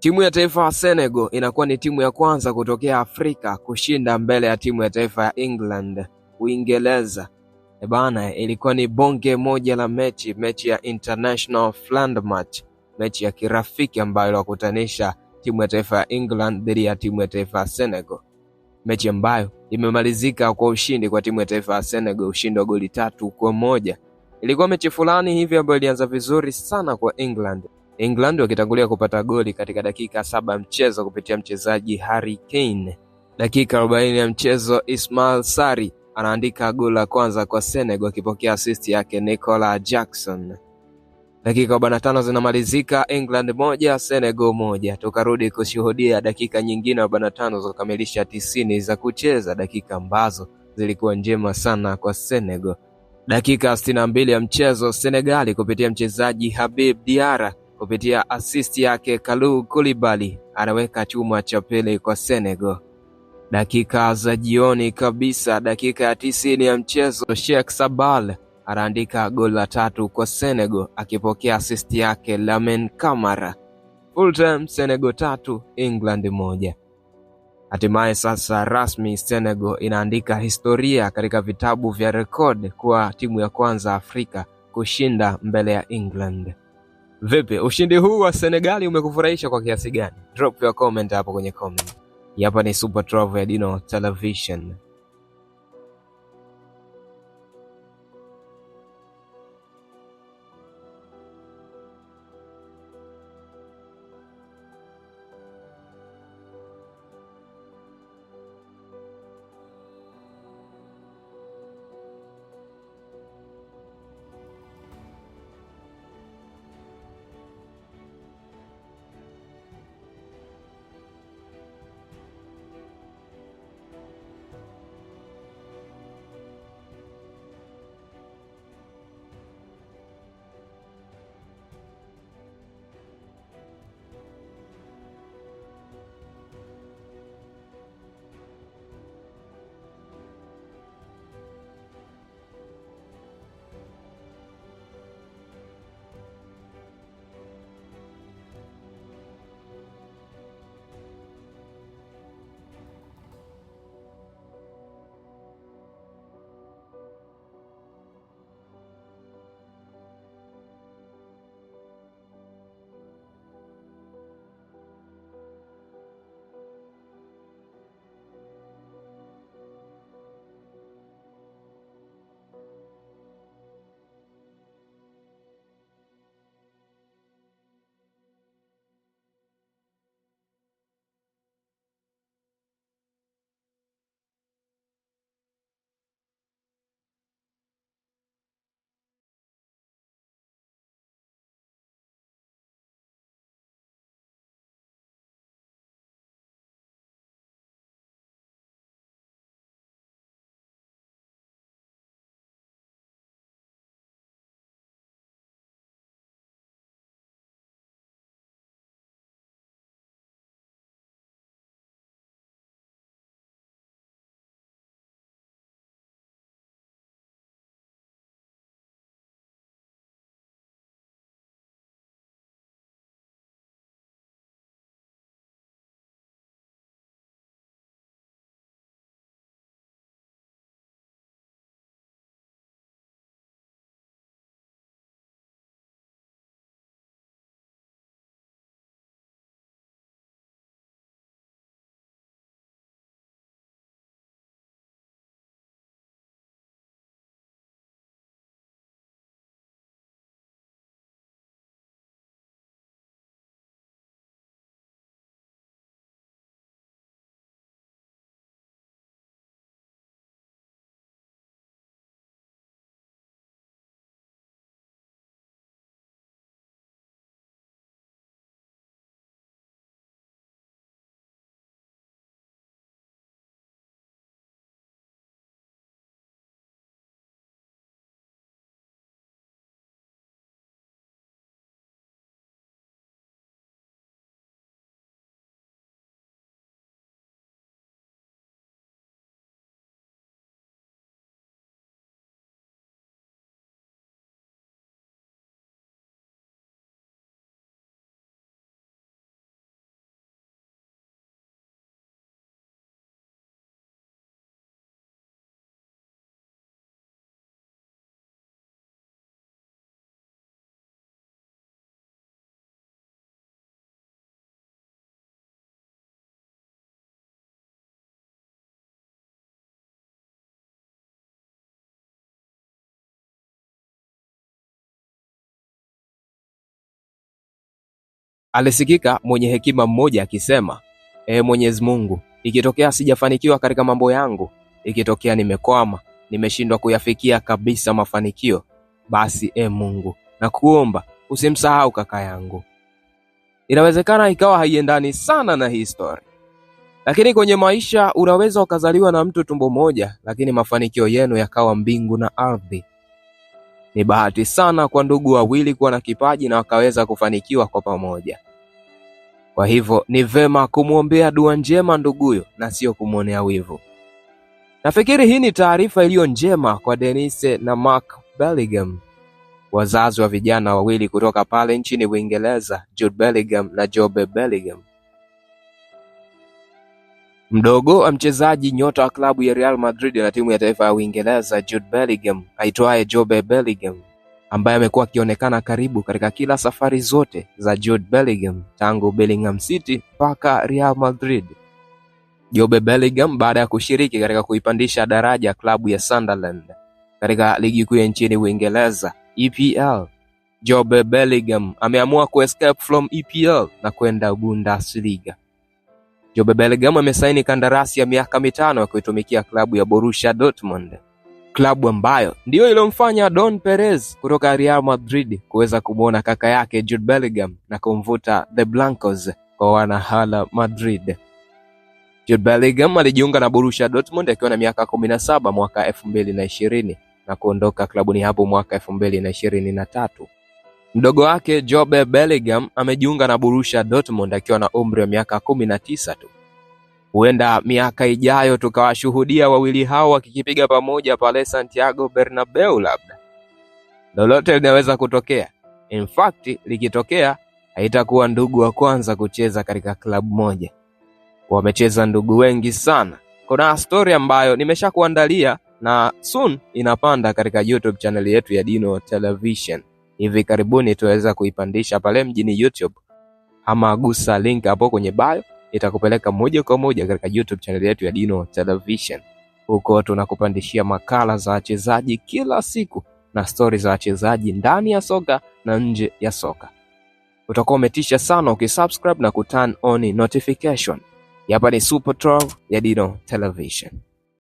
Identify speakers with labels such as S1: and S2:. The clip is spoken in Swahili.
S1: Timu ya taifa ya Senegal inakuwa ni timu ya kwanza kutokea Afrika kushinda mbele ya timu ya taifa ya England, Uingereza. E bana, ilikuwa ni bonge moja la mechi, mechi ya international friend match, mechi ya kirafiki ambayo iliwakutanisha timu ya taifa ya England dhidi ya timu ya taifa ya Senegal, mechi ambayo imemalizika kwa ushindi kwa timu ya taifa ya Senegal, ushindi wa goli tatu kwa moja. Ilikuwa mechi fulani hivi ambayo ilianza vizuri sana kwa England England wakitangulia kupata goli katika dakika saba ya mchezo kupitia mchezaji Harry Kane. Dakika 40 ya mchezo, Ismail Sari anaandika goli la kwanza kwa Senegal akipokea asisti yake Nicola Jackson. Dakika 45 zinamalizika England moja Senegal moja. Tukarudi kushuhudia dakika nyingine 45 za kukamilisha 90 za kucheza, dakika ambazo zilikuwa njema sana kwa Senegal. Dakika 62 ya mchezo Senegali kupitia mchezaji Habib Diara kupitia asisti yake Kalu kulibali anaweka chuma cha pili kwa Senegal. Dakika za jioni kabisa, dakika ya tisini ya mchezo, Sheikh Sabal anaandika goli la tatu kwa Senegal akipokea asisti yake Lamine Camara. Full time Senegal tatu England moja. Hatimaye sasa rasmi Senegal inaandika historia katika vitabu vya rekodi kuwa timu ya kwanza Afrika kushinda mbele ya England. Vipi, ushindi huu wa Senegali umekufurahisha kwa kiasi gani? Drop your comment hapo kwenye comment. Hapa ni Super Travel ya Dino Television.
S2: Alisikika mwenye hekima mmoja akisema, e Mwenyezi Mungu, ikitokea sijafanikiwa katika mambo yangu, ikitokea nimekwama, nimeshindwa kuyafikia kabisa mafanikio, basi e Mungu, nakuomba usimsahau kaka yangu. Inawezekana ikawa haiendani sana na hii story, lakini kwenye maisha unaweza ukazaliwa na mtu tumbo moja, lakini mafanikio yenu yakawa mbingu na ardhi. Ni bahati sana kwa ndugu wawili kuwa na kipaji na wakaweza kufanikiwa kwa pamoja. Kwa hivyo ni vema kumwombea dua njema nduguyo na sio kumwonea wivu. Nafikiri hii ni taarifa iliyo njema kwa Denise na Mark Bellingham, wazazi wa vijana wawili kutoka pale nchini Uingereza, Jude Bellingham na Jobe Bellingham mdogo wa mchezaji nyota wa klabu ya Real Madrid na timu ya taifa ya Uingereza Jude Bellingham aitwaye Jobe Bellingham ambaye amekuwa akionekana karibu katika kila safari zote za Jude Bellingham tangu Bellingham City mpaka Real Madrid. Jobe Bellingham baada ya kushiriki katika kuipandisha daraja klabu ya Sunderland katika ligi kuu ya nchini Uingereza EPL, Jobe Bellingham ameamua kuescape from EPL na kwenda Bundesliga. Jobe Bellingham amesaini kandarasi ya miaka mitano ya kuitumikia klabu ya Borussia Dortmund, klabu ambayo ndiyo iliyomfanya Don Perez kutoka Real Madrid kuweza kumwona kaka yake Jude Bellingham na kumvuta the Blancos kwa wanahala Madrid. Jude Bellingham alijiunga na Borussia Dortmund akiwa na miaka 17 mwaka 2020 na kuondoka klabuni hapo mwaka 2023. Mdogo wake Jobe Bellingham amejiunga na Borussia Dortmund akiwa na umri wa miaka kumi na tisa tu. Huenda miaka ijayo tukawashuhudia wawili hao wakikipiga pamoja pale Santiago Bernabeu. Labda lolote linaweza kutokea. In fact, likitokea haitakuwa ndugu wa kwanza kucheza katika klabu moja. Wamecheza ndugu wengi sana. Kuna stori ambayo nimeshakuandalia na soon inapanda katika YouTube chaneli yetu ya Dino Television hivi karibuni tutaweza kuipandisha pale mjini YouTube, ama gusa link hapo kwenye bio, itakupeleka moja kwa moja katika YouTube channel yetu ya Dino Television. Huko tunakupandishia makala za wachezaji kila siku na stori za wachezaji ndani ya soka na nje ya soka. Utakuwa umetisha sana ukisubscribe na kuturn on notification. Hapa ni Super 12 ya Dino Television.